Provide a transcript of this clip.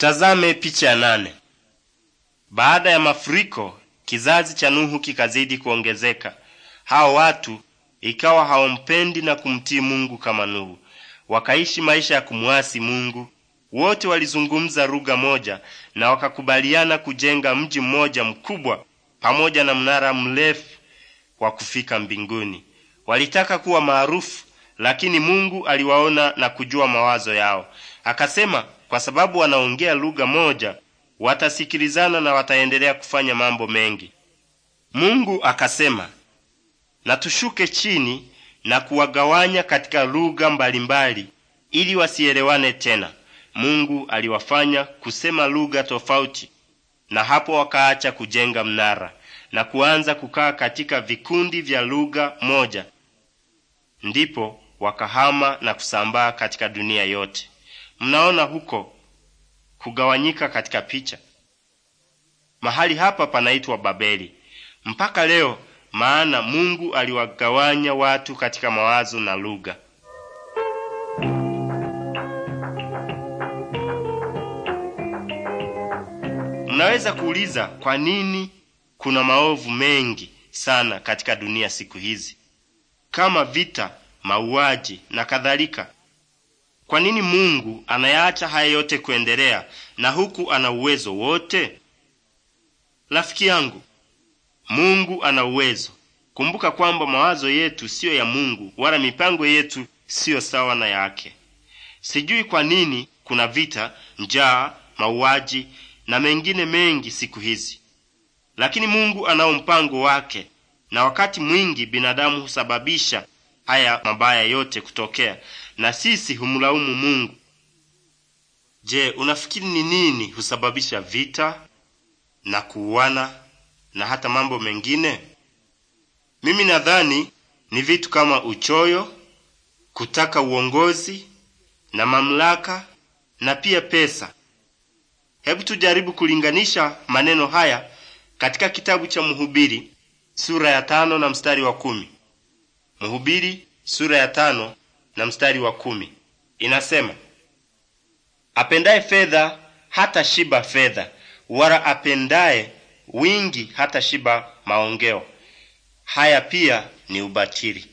Tazame picha ya nane. Baada ya mafuriko, kizazi cha Nuhu kikazidi kuongezeka. Hao watu ikawa hawampendi na kumtii Mungu kama Nuhu, wakaishi maisha ya kumwasi Mungu. Wote walizungumza lugha moja na wakakubaliana kujenga mji mmoja mkubwa pamoja na mnara mrefu wa kufika mbinguni. Walitaka kuwa maarufu, lakini Mungu aliwaona na kujua mawazo yao, akasema kwa sababu wanaongea lugha moja, watasikilizana na wataendelea kufanya mambo mengi. Mungu akasema, na tushuke chini na kuwagawanya katika lugha mbalimbali ili wasielewane tena. Mungu aliwafanya kusema lugha tofauti, na hapo wakaacha kujenga mnara na kuanza kukaa katika vikundi vya lugha moja. Ndipo wakahama na kusambaa katika dunia yote. Mnaona huko kugawanyika katika picha. Mahali hapa panaitwa Babeli mpaka leo, maana Mungu aliwagawanya watu katika mawazo na lugha. Mnaweza kuuliza kwa nini kuna maovu mengi sana katika dunia siku hizi, kama vita, mauaji na kadhalika. Kwa nini Mungu anayaacha haya yote kuendelea na huku ana uwezo wote? Rafiki yangu, Mungu ana uwezo. Kumbuka kwamba mawazo yetu siyo ya Mungu wala mipango yetu siyo sawa na yake. Sijui kwa nini kuna vita, njaa, mauaji na mengine mengi siku hizi, lakini Mungu anao mpango wake, na wakati mwingi binadamu husababisha haya mabaya yote kutokea, na sisi humlaumu Mungu. Je, unafikiri ni nini husababisha vita na kuuana na hata mambo mengine? Mimi nadhani ni vitu kama uchoyo, kutaka uongozi na mamlaka na pia pesa. Hebu tujaribu kulinganisha maneno haya katika kitabu cha Mhubiri sura ya tano na mstari wa kumi. Mhubiri sura ya tano na mstari wa kumi inasema, apendaye fedha hata shiba fedha, wala apendaye wingi hata shiba maongeo. Haya pia ni ubatili.